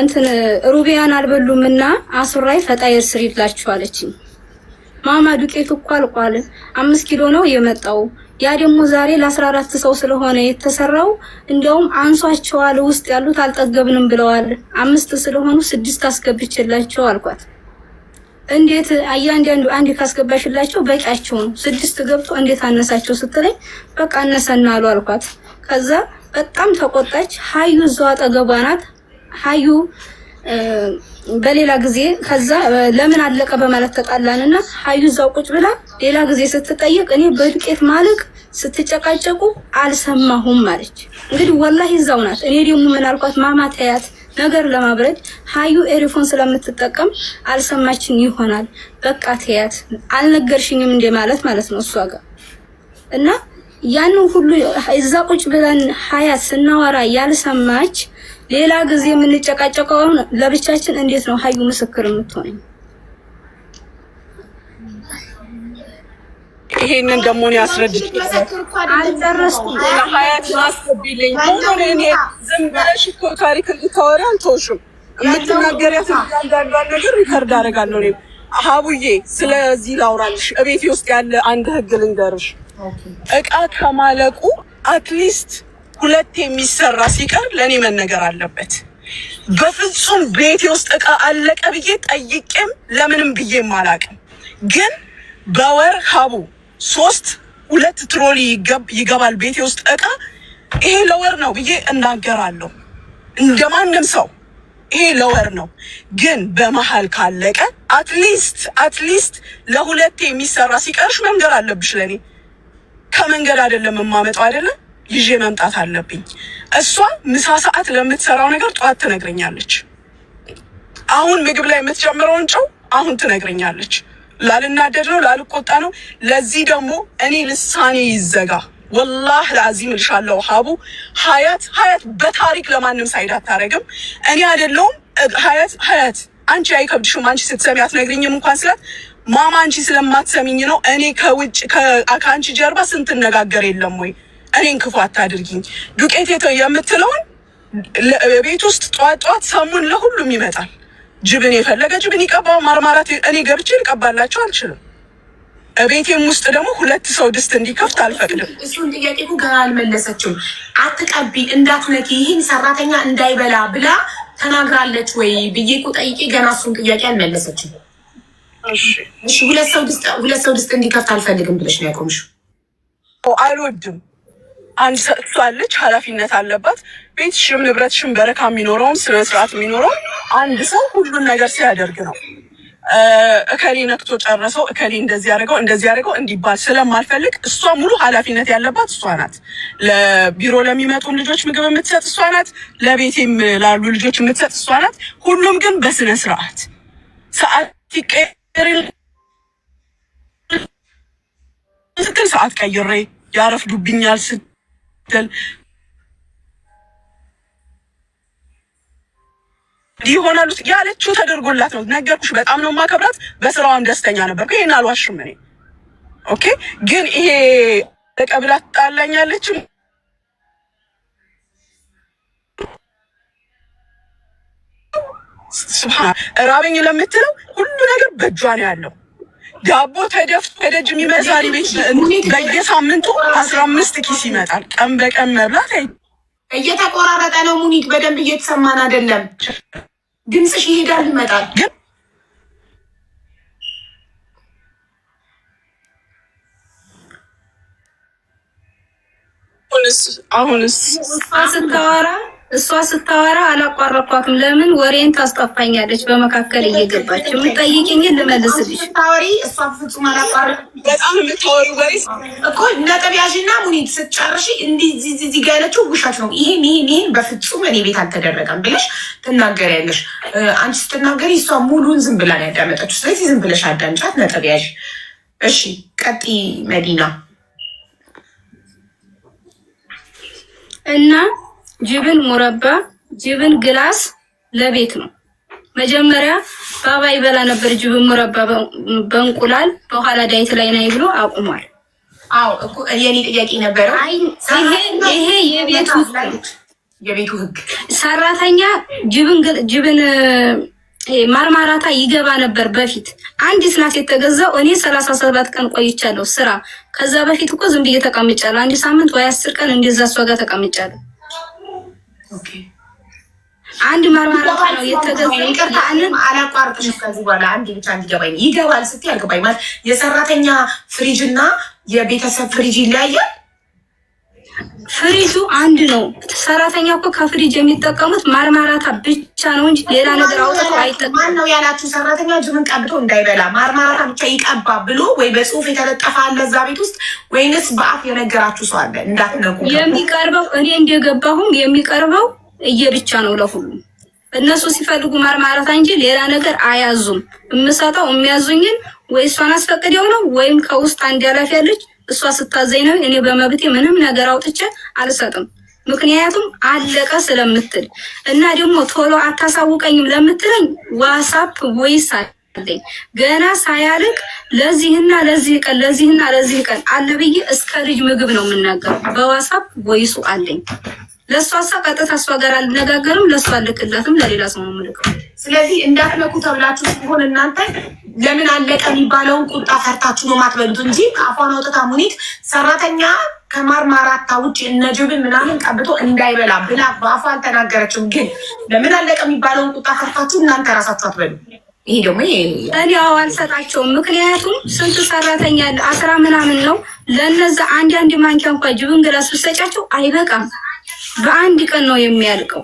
እንትን ሩቢያን አልበሉም እና አሱራይ ፈጣየር ስሪላችሁ አለችኝ። ማማ ዱቄት እኮ አልቋል። አምስት ኪሎ ነው የመጣው። ያ ደግሞ ዛሬ ለአስራ አራት ሰው ስለሆነ የተሰራው እንደውም አንሷቸዋል። ውስጥ ያሉት አልጠገብንም ብለዋል። አምስት ስለሆኑ ስድስት አስገብቼላቸው አልኳት። እንዴት እያንዳንዱ አንድ ካስገባሽላቸው በቂያቸው ነው፣ ስድስት ገብቶ እንዴት አነሳቸው ስትለኝ፣ በቃ አነሰና አሉ አልኳት። ከዛ በጣም ተቆጣች። ሀዩ እዛው አጠገቧ ናት። ሀዩ በሌላ ጊዜ ከዛ ለምን አለቀ በማለት ተጣላን እና ሀዩ እዛው ቁጭ ብላ ሌላ ጊዜ ስትጠየቅ እኔ በዱቄት ማለቅ ስትጨቃጨቁ አልሰማሁም አለች። እንግዲህ ወላሂ እዛው ናት። እኔ ደግሞ ምን አልኳት ማማ ተያት ነገር ለማብረድ ሀዩ ኤሪፎን ስለምትጠቀም አልሰማችን ይሆናል። በቃ ተያት አልነገርሽኝም እንደ ማለት ማለት ነው እሷ ጋር እና ያንን ሁሉ እዛ ቁጭ ብለን ሀያ ስናወራ ያልሰማች ሌላ ጊዜ የምንጨቃጨቀው ለብቻችን እንዴት ነው ሀዩ ምስክር የምትሆነኝ? ይሄንን ደግሞ ነው ያስረድኩ። አልጨረስኩም። ሀያት ማስከብልኝ ሆኖ እኔ ዝም ብለሽ እኮ ታሪክ እንድታወሪ አልተውሽም። የምትናገሪያት እንዳንዳንዷ ነገር ሪከርድ አደርጋለሁ። እኔም ሀቡዬ ስለዚህ ላውራልሽ። እቤቴ ውስጥ ያለ አንድ ህግ ልንገርሽ እቃ ከማለቁ አትሊስት ሁለት የሚሰራ ሲቀር ለእኔ መነገር አለበት። በፍጹም ቤቴ ውስጥ እቃ አለቀ ብዬ ጠይቄም ለምንም ብዬም አላቅም። ግን በወር ሀቡ ሶስት ሁለት ትሮሊ ይገባል ቤቴ ውስጥ እቃ ይሄ ለወር ነው ብዬ እናገራለሁ እንደ ማንም ሰው ይሄ ለወር ነው። ግን በመሀል ካለቀ አትሊስት አትሊስት ለሁለቴ የሚሰራ ሲቀርሽ መንገር አለብሽ ለኔ። ከመንገድ አይደለም የማመጣው አይደለም ይዤ መምጣት አለብኝ። እሷ ምሳ ሰዓት ለምትሰራው ነገር ጠዋት ትነግረኛለች። አሁን ምግብ ላይ የምትጀምረውን ጨው አሁን ትነግረኛለች። ላልናደድ ነው፣ ላልቆጣ ነው። ለዚህ ደግሞ እኔ ልሳኔ ይዘጋ። ወላህ ለአዚም እልሻለሁ። ሀቡ ሀያት ሀያት በታሪክ ለማንም ሳይድ አታረግም። እኔ አይደለሁም ሀያት ሀያት አንቺ አይከብድሽም አንቺ ስትሰሚ አትነግርኝም እንኳን ስላት ማማ አንቺ ስለማትሰሚኝ ነው። እኔ ከውጭ ከአንቺ ጀርባ ስንትነጋገር የለም ወይ? እኔን ክፉ አታድርጊኝ። ዱቄት የምትለውን ቤት ውስጥ ጠዋት ጠዋት ሰሙን ለሁሉም ይመጣል። ጅብን የፈለገ ጅብን ይቀባው ማርማራት። እኔ ገብቼ ልቀባላቸው አልችልም። ቤቴም ውስጥ ደግሞ ሁለት ሰው ድስት እንዲከፍት አልፈቅድም። እሱን ጥያቄ እኮ ገና አልመለሰችም። አትቀቢ እንዳትነኪ፣ ይህን ሰራተኛ እንዳይበላ ብላ ተናግራለች ወይ ብዬ እኮ ጠይቄ ገና እሱን ጥያቄ አልመለሰችም። እሺ ሁለት ሰው ድስት እንዲከፍት አልፈልግም ብለሽ ነው ያቆምሽው? አልወድም። አንድ እሷ አለች፣ ኃላፊነት አለባት። ቤትሽም ንብረትሽም በረካ የሚኖረውም ስነስርዓት የሚኖረው አንድ ሰው ሁሉን ነገር ሲያደርግ ነው። እከሌ ነክቶ ጨረሰው፣ እከሌ እንደዚህ ያደርገው፣ እንደዚህ ያደርገው እንዲባል ስለማልፈልግ እሷ ሙሉ ኃላፊነት ያለባት እሷ ናት። ለቢሮ ለሚመጡ ልጆች ምግብ የምትሰጥ እሷ ናት። ለቤቴም ላሉ ልጆች የምትሰጥ እሷ ናት። ሁሉም ግን በስነስርዓት ሰዓት ይቀ ትክክል ሰዓት ቀይሬ ያረፍዱብኛል ስትል ይሆናሉ ያለችው ተደርጎላት ነው። ነገርኩሽ፣ በጣም ነው ማከብራት። በስራዋም ደስተኛ ነበርኩ ይሄን አልዋሽም እኔ ኦኬ። ግን ይሄ ቀብላት ጣላኛለችም ራበኝ ለምትለው ሁሉ ነገር በእጇ ነው ያለው። ዳቦ ተደፍቶ ተደጅ የሚመዛሪ ቤት በየሳምንቱ አስራ አምስት ኪስ ይመጣል። ቀን በቀን መብላት እየተቆራረጠ ነው። ሙኒክ በደንብ እየተሰማን አይደለም። ድምፅሽ ይሄዳል ይመጣል። አሁንስ አሁንስ ስታወራ እሷ ስታወራ አላቋረጥኳትም። ለምን ወሬን ታስጠፋኛለች? በመካከል እየገባች የምጠይቅኝ ልመልስልሽ። ታወሪ እሷ ፍጹም አላቋረጥ በጣም የምታወሪ ወሬ እኮ ነጥቢያሽና ሙኒት ስትጨርሺ እንዲህ እዚህ ያለችው ውሻች ነው። ይሄን ይሄን ይሄን በፍጹም እኔ ቤት አልተደረገም ብለሽ ትናገሪያለሽ። አንቺ ስትናገሪ እሷ ሙሉን ዝም ብላ ነው ያዳመጠችው። ስለዚህ ዝም ብለሽ አዳምጫት ነጥቢያሽ። እሺ ቀጥይ መዲና እና ጅብን ሙረባ ጅብን ግላስ ለቤት ነው። መጀመሪያ ባባ ይበላ ነበር ጅብን ሙረባ በእንቁላል፣ በኋላ ዳይት ላይ ናይ ብሎ አቁሟል። አዎ እኮ የኔ ጥያቄ ነበረው። ይሄ የቤቱ የቤቱ ህግ ሰራተኛ ጅብን ጅብን ማርማራታ ይገባ ነበር በፊት። አንዲት ናት የተገዛው። እኔ ሰላሳ ሰባት ቀን ቆይቻለሁ ስራ። ከዛ በፊት እኮ ዝም ብዬ ተቀምጫለሁ። አንድ ሳምንት ወይ አስር ቀን እንደዛ እሷ ጋር ተቀምጫለሁ። አንድ መርማራት ነው የተገዛ። አንን እንም ነው። ከዚህ በኋላ አንድ ብቻ እንዲገባኝ ይገባል። ስትይ አልገባኝ ማለት የሰራተኛ ፍሪጅ እና የቤተሰብ ፍሪጅ ይለያያል። ፍሪጁ አንድ ነው። ሰራተኛ እኮ ከፍሪጅ የሚጠቀሙት ማርማራታ ብቻ ነው እንጂ ሌላ ነገር አውጥቶ አይጠቀሙም። ማን ነው ያላችሁ? ሰራተኛ ጅብን ቀብቶ እንዳይበላ ማርማራታ ብቻ ይቀባ ብሎ ወይ በጽሁፍ የተለጠፈ አለ እዛ ቤት ውስጥ ወይንስ በአፍ የነገራችሁ ሰው አለ? እንዳትነጉ የሚቀርበው እኔ እንደገባሁም የሚቀርበው እየብቻ ነው ለሁሉም እነሱ ሲፈልጉ ማርማራታ እንጂ ሌላ ነገር አያዙም። የምሰጠው የሚያዙኝን ወይ እሷን አስፈቅደው ነው ወይም ከውስጥ አንድ ያላፊ ያለች እሷ ስታዘኝ ነው። እኔ በመብቴ ምንም ነገር አውጥቼ አልሰጥም። ምክንያቱም አለቀ ስለምትል እና ደግሞ ቶሎ አታሳውቀኝም ለምትለኝ ዋትሳፕ ቮይስ አለኝ ገና ሳያልቅ ለዚህና ለዚህ ቀን ለዚህና ለዚህ ቀን አለ ብዬ እስከ ልጅ ምግብ ነው የምናገር። በዋትሳፕ ቮይሱ አለኝ ለእሷ ሀሳብ ቀጥታ እሷ ጋር አልነጋገርም፣ ለእሷ አልክላትም፣ ለሌላ ሰው ነው ስለዚህ እንዳትለኩ ተብላችሁ ሲሆን እናንተ ለምን አለቀ የሚባለውን ቁጣ ፈርታችሁ ነው ማትበሉት እንጂ አፏን አውጥታ ሙኒት ሰራተኛ ከማርማራታ ውጭ እነጅብን ምናምን ቀብቶ እንዳይበላ ብላ በአፏ አልተናገረችም። ግን ለምን አለቀ የሚባለውን ቁጣ ፈርታችሁ እናንተ ራሳችሁ አትበሉ። ይሄ ደግሞ እኔ አዋ አልሰጣቸውም። ምክንያቱም ስንት ሰራተኛ አስራ ምናምን ነው ለእነዛ አንድ አንድ ማንኪያ እንኳ ጅብን ግላስ ብሰጫቸው አይበቃም። በአንድ ቀን ነው የሚያልቀው።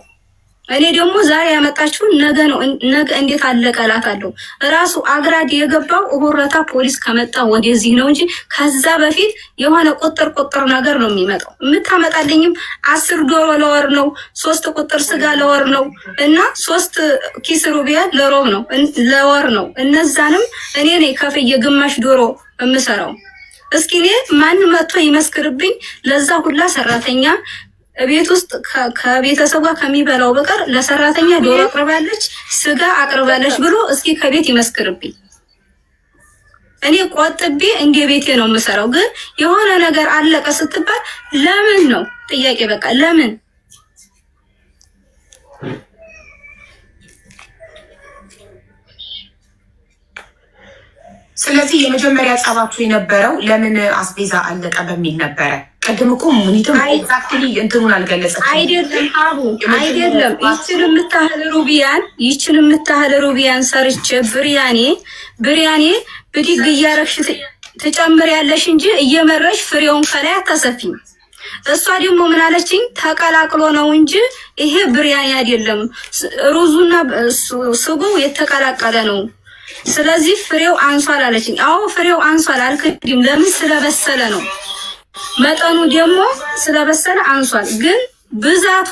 እኔ ደግሞ ዛሬ ያመጣችሁ ነገ ነው ነገ እንዴት አለቀላት አለው። ራሱ አግራድ የገባው ሆረታ ፖሊስ ከመጣ ወደዚህ ነው እንጂ ከዛ በፊት የሆነ ቁጥር ቁጥር ነገር ነው የሚመጣው። የምታመጣልኝም አስር ዶሮ ለወር ነው፣ ሶስት ቁጥር ስጋ ለወር ነው እና ሶስት ኪስ ሩቢያ ለሮብ ነው ለወር ነው። እነዛንም እኔ ነኝ ከፍዬ ግማሽ ዶሮ የምሰራው። እስኪ እኔ ማን መጥቶ ይመስክርብኝ ለዛ ሁላ ሰራተኛ ቤት ውስጥ ከቤተሰብ ጋር ከሚበላው በቀር ለሰራተኛ ዶሮ አቅርባለች፣ ስጋ አቅርባለች ብሎ እስኪ ከቤት ይመስክርብኝ። እኔ ቆጥቤ እንደ ቤቴ ነው የምሰራው። ግን የሆነ ነገር አለቀ ስትባል ለምን ነው ጥያቄ? በቃ ለምን ስለዚህ የመጀመሪያ ጸባችሁ የነበረው ለምን አስቤዛ አለቀ በሚል ነበረ። ቅድም እኮ ሞኒተርዛክትሊ እንትኑን አልገለጸ አይደለም አቡ አይደለም። ይችን የምታህል ሩቢያን ይችን የምታህል ሩቢያን ሰርቼ ብርያኔ ብርያኔ ብድግ እያረግሽ ትጨምሪያለሽ እንጂ እየመረሽ ፍሬውን ከላይ አታሰፊም። እሷ ደግሞ ምን አለችኝ? ተቀላቅሎ ነው እንጂ ይሄ ብርያኔ አይደለም፣ ሩዙና ስጉ የተቀላቀለ ነው። ስለዚህ ፍሬው አንሷል አለችኝ። አዎ ፍሬው አንሷል አልክድም። ለምን ስለበሰለ ነው። መጠኑ ደግሞ ስለበሰለ አንሷል። ግን ብዛቱ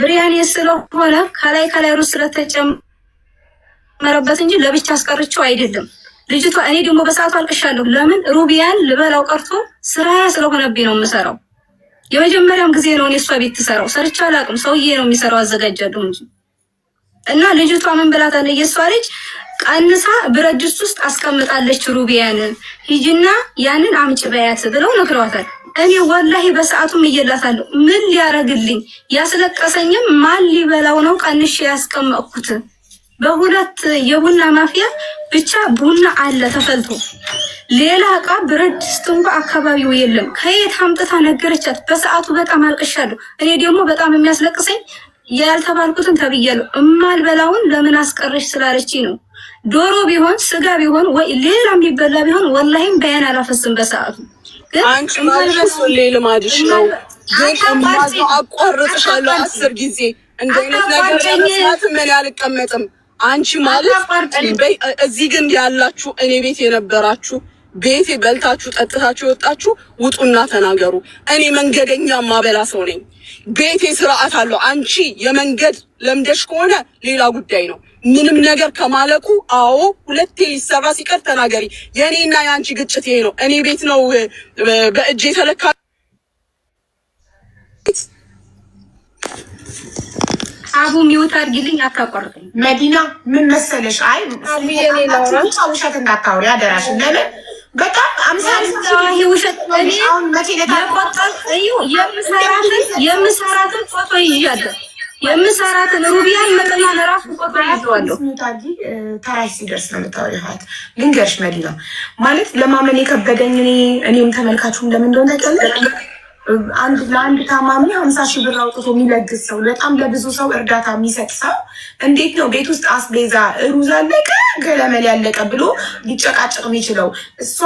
ብሪያኒ ስለሆነ ከላይ ከላይ ሩዝ ስለተጨመረበት እንጂ ለብቻ አስቀርቼው አይደለም። ልጅቷ እኔ ደግሞ በሰዓቱ አልቅሻለሁ። ለምን ሩቢያን ልበላው ቀርቶ ስራ ስለሆነብኝ ነው የምሰራው። የመጀመሪያም ጊዜ ነው እኔ እሷ ቤት ትሰራው ሰርቼ አላውቅም። ሰውዬ ነው የሚሰራው አዘጋጃለሁ እንጂ እና ልጅቷ ምን ብላታለች? የእሷ ልጅ ቀንሳ ብረት ድስት ውስጥ አስቀምጣለች ሩቢያንን ሂጂና ያንን አምጭ በያት ብለው ነግረዋታል። እኔ ወላሂ በሰዓቱም እየላታለሁ። ምን ሊያረግልኝ ያስለቀሰኝም ማን ሊበላው ነው ቀንሽ ያስቀመጥኩት? በሁለት የቡና ማፍያ ብቻ ቡና አለ ተፈልቶ፣ ሌላ እቃ ብረት ድስት እንኳ አካባቢው የለም። ከየት አምጥታ ነገረቻት። በሰዓቱ በጣም አልቅሻለሁ። እኔ ደግሞ በጣም የሚያስለቅሰኝ ያልተባልኩትን ተብያለሁ። እማልበላውን ለምን አስቀረሽ ስላለች ነው ዶሮ ቢሆን ስጋ ቢሆን ወይ ሌላም ሊበላ ቢሆን ወላሂም በያን አላፈስም በሰዓቱ። አንቺ ማልበስ ሁሌ ልማድሽ ነው። ግን እማዝ አቋርጥሻለሁ አስር ጊዜ እንደ ነገር ለመስማት ምን አልቀመጥም። አንቺ ማለት እዚህ ግን ያላችሁ እኔ ቤት የነበራችሁ ቤቴ በልታችሁ ጠጥታችሁ የወጣችሁ ውጡና ተናገሩ። እኔ መንገደኛ ማበላ ሰው ነኝ። ቤቴ ስርዓት አለው። አንቺ የመንገድ ለምደሽ ከሆነ ሌላ ጉዳይ ነው። ምንም ነገር ከማለቁ አዎ ሁለቴ ሊሰራ ሲቀር ተናገሪ። የእኔና የአንቺ ግጭት ይሄ ነው። እኔ ቤት ነው በእጅ የተለካ አቡ ሚወት አድርጊልኝ፣ አታቋርጥኝ። መዲና ምን መሰለሽ፣ አይ ውሸት እንዳታወሪ አደራሽ። ለምን በጣም አምሳሌ ውሸት የምሰራትን ሩቢያን መጠና ለራሱ ቆጥሮ ይዘዋለሁ። ተራሽ ሲደርስ ነው የምታወሪኋት። ልንገርሽ መዲና ማለት ለማመን የከበደኝ እኔ እኔም ተመልካችሁም ለምን እንደሆነ አንድ ለአንድ ታማሚ ሀምሳ ሺህ ብር አውጥቶ የሚለግስ ሰው በጣም ለብዙ ሰው እርዳታ የሚሰጥ ሰው እንዴት ነው ቤት ውስጥ አስቤዛ ሩዝ አለቀ ገለመል ያለቀ ብሎ ሊጨቃጨቅ የሚችለው? እሷ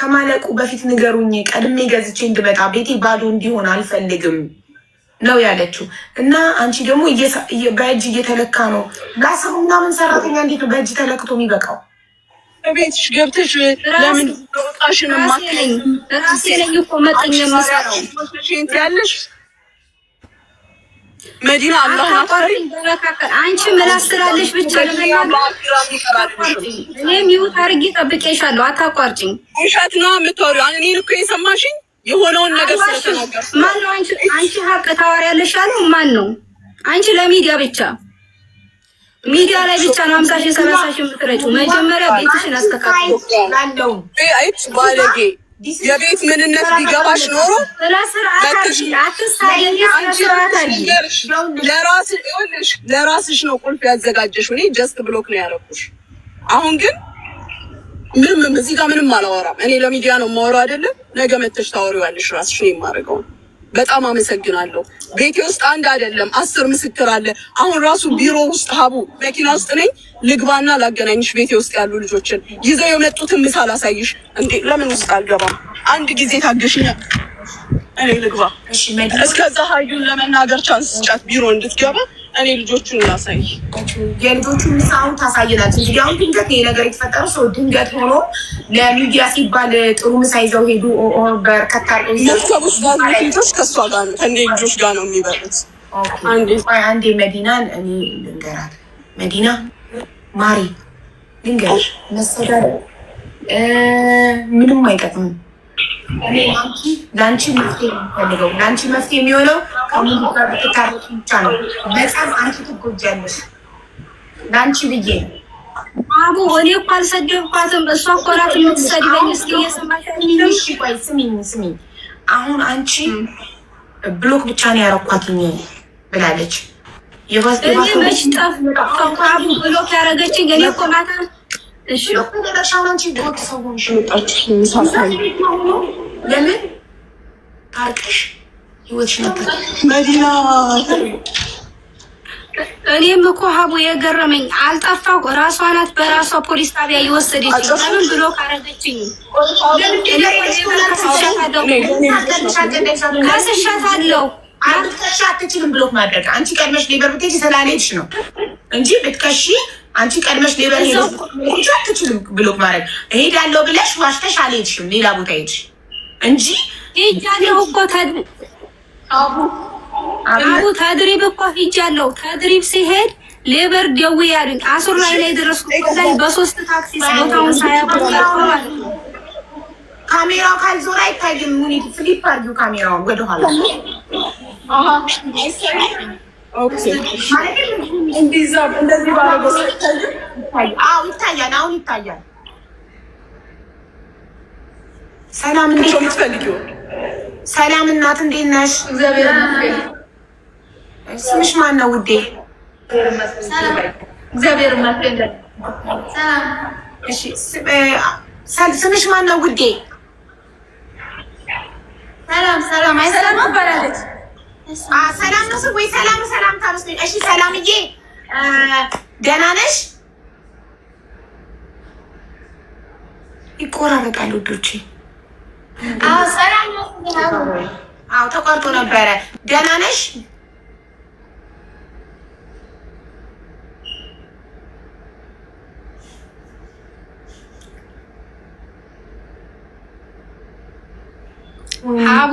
ከማለቁ በፊት ንገሩኝ፣ ቀድሜ ገዝቼ እንድመጣ ቤቴ ባዶ እንዲሆን አልፈልግም ነው ያለችው። እና አንቺ ደግሞ በእጅ እየተለካ ነው ለአስር ምናምን ሰራተኛ እንዴት በእጅ ተለክቶ የሚበቃው? ቤትሽ ገብተሽ ለምን ቃሽን ራሴ ነኝ እኮ መጠኛ ያለሽ መዲና አላህ አንቺ ምላስ ስላለሽ ብቻ እኔም ይሁት አርጌ ጠብቄሻለሁ። አታቋርጭኝ። ውሸት ነው የምትወሪው። እኔ እኮ የሰማሽኝ የሆነውን ነገር ስለተናገርኩ ማን ነው? አንቺ አንቺ ሀቅ ታወሪያለሽ አለው። ማን ነው? አንቺ ለሚዲያ ብቻ ሚዲያ ላይ ብቻ ነው አምሳሽን ሺህ ሰላሳ መጀመሪያ ቤትሽን አስተካክሎ አይች ባለጌ የቤት ምንነት ቢገባሽ ኖሮ ለራስሽ ነው ቁልፍ ያዘጋጀሽ። እኔ ጀስት ብሎክ ነው ያደረኩሽ። አሁን ግን ምንም እዚህ ጋር ምንም አላወራም። እኔ ለሚዲያ ነው የማወራው አይደለም። ነገ መተሽ ታወሪዋለሽ ራስሽ ነው የማደርገው። በጣም አመሰግናለሁ። ቤቴ ውስጥ አንድ አይደለም አስር ምስክር አለ። አሁን ራሱ ቢሮ ውስጥ ሀቡ መኪና ውስጥ ነኝ። ልግባና ላገናኝሽ ቤቴ ውስጥ ያሉ ልጆችን ይዘው የመጡትን ምሳ ላሳይሽ። እንዴ ለምን ውስጥ አልገባም? አንድ ጊዜ ታገሽኛል። እኔ ልግባ። እስከዛ ሀዩን ለመናገር ቻንስ ስጫት ቢሮ እንድትገባ እኔ ልጆቹን ላሳይ። የልጆቹን ምሳሁን ታሳየናት። እንግዲህ አሁን ድንገት ይሄ ነገር የተፈጠረው ሰው ድንገት ሆኖ ለሚዲያ ሲባል ጥሩ ምሳ ይዘው ሄዱ። በርከታ መርከቡስ ጋር ልጆች ከእሷ ጋር ከኔ ልጆች ጋር ነው የሚበሉት። አንዴ መዲናን እኔ ልንገራት። መዲና ማሪ ልንገር መሰዳደ ምንም አይጠቅምም። ለአንቺ መፍትሄ የሚፈልገው ለአንቺ መፍትሄ የሚሆነው ከሙሉ ጋር ብትታረቂ ብቻ ነው። በጣም አንቺ ትጎጃለሽ። ለአንቺ ብዬ አቡ እኔ እኮ አልሰደብኳትም። እሷ እኮ ናት የምትሰድበኝ። እስኪ እየሰማሽ ቆይ፣ ስሚኝ ስሚኝ። አሁን አንቺ ብሎክ ብቻ ነው ያረኳትኝ ብላለች። ብሎክ ያረገችኝ እኔ እኮ ናት እሺ አንቺ ጎት ሰው ሆንሽ ለምን ታርቀሽ ህይወትሽ ነበር። መዲና እኔም እኮ ሀቡ የገረመኝ አልጠፋሁ። ራሷ ናት በራሷ ፖሊስ ጣቢያ የወሰደች። ብሎ ካረገችኝ ከስሻታለሁ። ማድረግ አንቺ ቀድመሽ ሌበር ብትሄጂ ስላልሄድሽ ነው እንጂ ብትከሺ አንቺ ቀድመሽ ሌበር ሄዶች አትችልም ብሎክ ማድረግ እሄዳለሁ ብለሽ ዋሽተሽ አልሄድሽም፣ ሌላ ቦታ ሄድሽ እንጂ ሄጃለሁ እኮ አቡ ተድሪብ እኮ ሄጃለሁ። ተድሪብ ሲሄድ ሌበር ደው ያሉኝ አሱር ላይ ላይ ደረስኩ ላይ በሶስት ታክሲ ቦታውን ሳያቆማል። ካሜራው ካልዞር አይታይም። ሙኒት ፍሊፕ አርጊው ካሜራውን ወደኋላ ይታያል። አሁን ይታያል። ሰላም እንዴት የምትፈልጊው? ሰላም እናት እንዴት ነሽ? ስምሽ ማን ነው ውዴ? እግዚአብሔር ስምሽ ማን ነው ውዴ? ሰላም ሰላም ሰላም ነው ወይ? ሰላም ሰላም ታመስገን። እሺ ሰላምዬ ደህና ነሽ? ይቆራረጣል ውዶቼ። አዎ ሰላም ነው። አዎ ተቋርጦ ነበረ። ደህና ነሽ? አቡ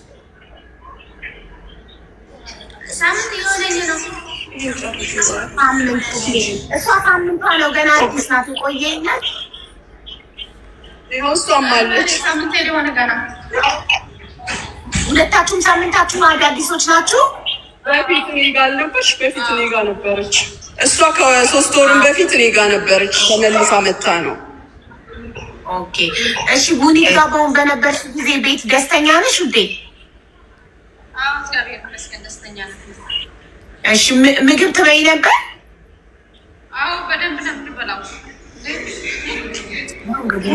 እሷ ሳምንቷ ነው ገና አዲስ ናት። ቆየኛል ሁለታችሁም ሳምንታችሁ አዳዲሶች ናችሁ። በፊት እኔ ጋር አልነበረች። በፊት እኔ ጋር ነበረች። እሷ ከሶስት ወርም በፊት እኔ ጋር ነበረች። ተመልሳ መታ ነው። ኦኬ እሺ። ቡኒ ጋር በሆን በነበርሽ ጊዜ ቤት ደስተኛ ነሽ ውዴ? እሺ ምግብ ትበይ ነበር? አዎ በደንብ ነው በላው። መዲናን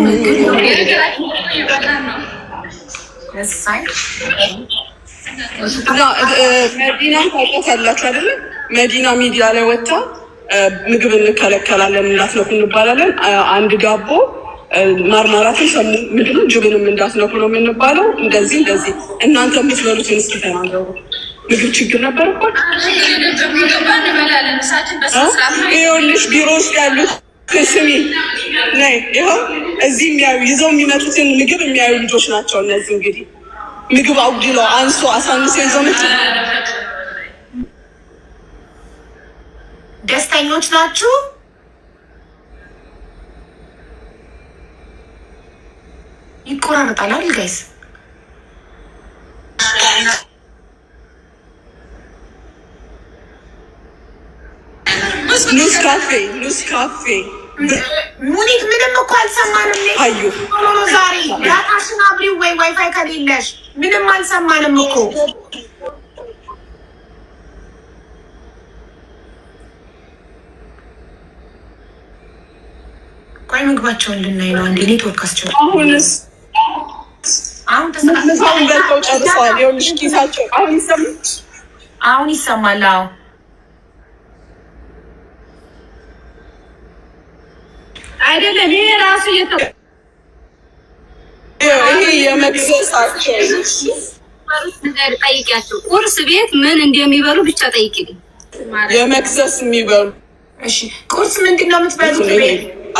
መዲና ሚዲያ ላይ ወጥታ ምግብ እንከለከላለን እንዳትነኩ እንባላለን። አንድ ዳቦ ማርማራትን ሰሙ ምድሩ ጅብንም እንዳትነኩ ነው የምንባለው። እንደዚህ እንደዚህ እናንተ የምትበሉትን እስኪ ተናገሩ ልጆች ችግር ነበር እኮ ይኸውልሽ፣ ቢሮ ውስጥ ያሉት ስሚ ነይ፣ ይኸው እዚህ የሚያዩ ይዘው የሚመጡትን ምግብ የሚያዩ ልጆች ናቸው። እነዚህ እንግዲህ ምግብ አጉድለው አንሶ አሳንሶ ይዘው መጡ። ደስተኞች ናችሁ? ይቆራረጣል አይደል ጋይስ ካፌ ሉስ ካፌ ሙኒት ምንም እኮ አልሰማንም። አዩ ዛሬ ዳታሽን አብሪው ወይ ዋይፋይ ከሌለሽ ምንም አልሰማንም እኮ ቆይ ምግባቸውን ልናይ ነው። አንዴ ኔትወርክ አስቸው አሁንስ አሁን ተሰራ ሰርተው ጨርሰዋል። ይኸውልሽ ኪሳቸው አሁን ይሰማል። አሁን አይደለም። ይሄ ራሱ ይሄ የመክሰሳቸው ጠይቂያቸው። ቁርስ ቤት ምን እንደሚበሉ ብቻ ጠይቂልኝ። የመክሰስ የሚበሉ ቁርስ ምንድን ነው የምትበሉት?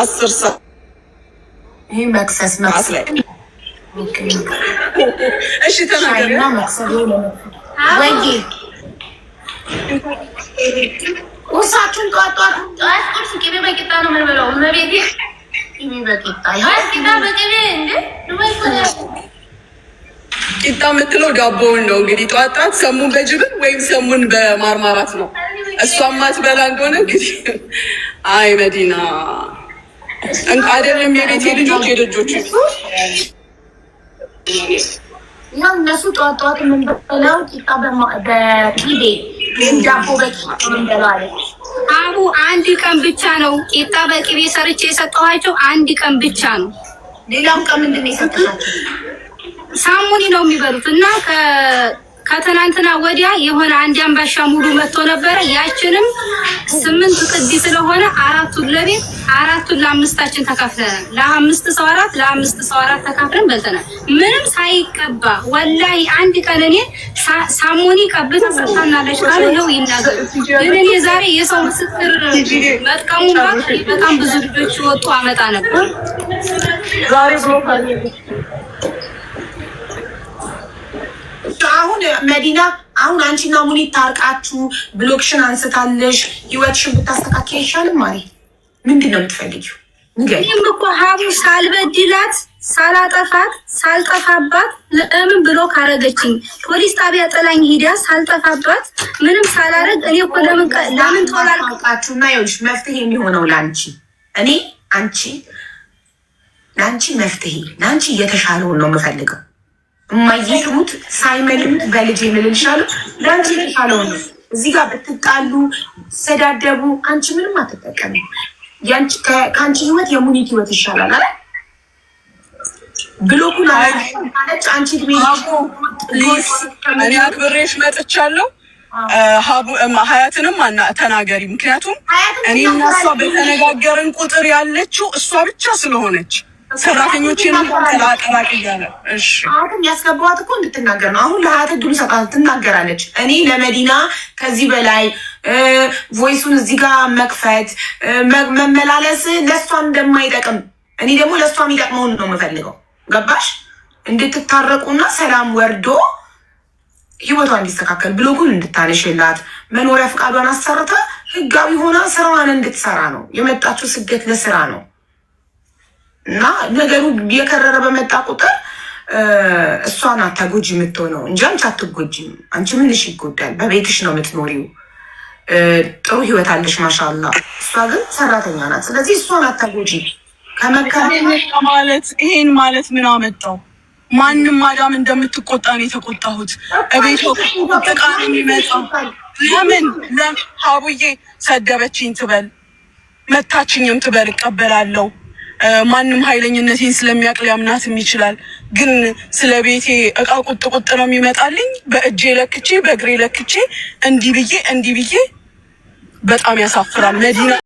አስር ሰዓት ይሄ መክሰስ መክሰስ እሺ ተናገር ቁርሳችሁን ቂጣ የምትለው ዳቦውን ነው እንግዲህ ጠዋት ጠዋት ሰሙን በጅብን ወይም ሰሙን በማርማራት ነው። እሷም ማትበላ እንደሆነ እንግዲህ አይ መዲና አይደለም የቤቴ ልጆች የልጆች ያው እነሱ ጠዋት ጠዋት የምንበላው ቂጣ በቂቤ ዳቦ አቡ አንድ ቀን ብቻ ነው ቂጣ በቅቤ ሰርቼ የሰጠኋቸው። አንድ ቀን ብቻ ነው። ሌላው ቀን ምንድን ነው የሰጠኋቸው? ሳሙኒ ነው የሚበሉት እና ከትናንትና ወዲያ የሆነ አንድ አንባሻ ሙሉ መጥቶ ነበረ። ያችንም ስምንት ጥግ ስለሆነ አራቱን ለቤት አራቱን ለአምስታችን ተካፍለናል። ለአምስት ሰው አራት ለአምስት ሰው አራት ተካፍለን በልተናል። ምንም ሳይቀባ ወላሂ አንድ ቀን እኔ ሳሙኒ ቀብታ ሰጥታናለች ካለ ነው ይናገር። ግን እኔ ዛሬ የሰው ምስክር መጥቀሙ በጣም ብዙ ልጆች ወጡ አመጣ ነበር ዛሬ አሁን መዲና አሁን አንቺና ሙኒ ታርቃችሁ ብሎክሽን አንስታለሽ ህይወትሽን ብታስተካከል ይሻልም ማለት ምንድን ነው የምትፈልጊው? ይህም እኮ ሀቡ ሳልበድላት ሳላጠፋት ሳልጠፋባት ለምን ብሎ ካረገችኝ ፖሊስ ጣቢያ ጥላኝ ሂዳ ሳልጠፋባት ምንም ሳላረግ እኔ እኮ ለምን ለምን ተወላልቃችሁና ይኸውልሽ መፍትሄ የሚሆነው ለአንቺ እኔ አንቺ ለአንቺ መፍትሄ ለአንቺ እየተሻለውን ነው የምፈልገው የማይሽሙት ሳይመል በልጅ የምልልሻሉ ለአንቺ የተሻለው ነው። እዚህ ጋር ብትጣሉ ሰዳደቡ አንቺ ምንም አትጠቀሚ። ከአንቺ ህይወት የሙኒት ህይወት ይሻላል አለ ብሎኩን አለች። አንቺ ድሜ እኔ አክብሬሽ መጥቻለሁ። ሀያትንም አና ተናገሪ። ምክንያቱም እኔ እና እሷ በተነጋገርን ቁጥር ያለችው እሷ ብቻ ስለሆነች ሰራተኞች አሁን ያስገባት እኮ እንድትናገር ነው። አሁን ለሀያት እድሉ ሰጣት ትናገራለች። እኔ ለመዲና ከዚህ በላይ ቮይሱን እዚህ ጋር መክፈት መመላለስ ለእሷ እንደማይጠቅም እኔ ደግሞ ለእሷ የሚጠቅመውን ነው የምፈልገው። ገባሽ? እንድትታረቁና ሰላም ወርዶ ህይወቷ እንዲስተካከል ብሎጉን እንድታነሽላት መኖሪያ ፈቃዷን አሰርታ ህጋዊ ሆና ስራዋን እንድትሰራ ነው የመጣችው። ስደት ለስራ ነው። እና ነገሩ የከረረ በመጣ ቁጥር እሷ ናት ተጎጂ የምትሆነው እንጂ አንቺ አትጎጂም። አንቺ ምንሽ ይጎዳል? በቤትሽ ነው የምትኖሪው፣ ጥሩ ህይወት አለሽ ማሻላ። እሷ ግን ሰራተኛ ናት። ስለዚህ እሷ ናት ተጎጂ። ማለት ይሄን ማለት ምን አመጣው? ማንም ማዳም እንደምትቆጣ ነው የተቆጣሁት። እቤት ጥቃት የሚመጣው ለምን ለምን ሀቡዬ ሰደበችኝ ትበል መታችኝም ትበል እቀበላለሁ ማንም ኃይለኝነቴን ስለሚያውቅ ሊያምናትም ይችላል። ግን ስለ ቤቴ እቃ ቁጥ ቁጥ ነው የሚመጣልኝ። በእጄ ለክቼ በእግሬ ለክቼ እንዲህ ብዬ እንዲህ ብዬ በጣም ያሳፍራል። መዲና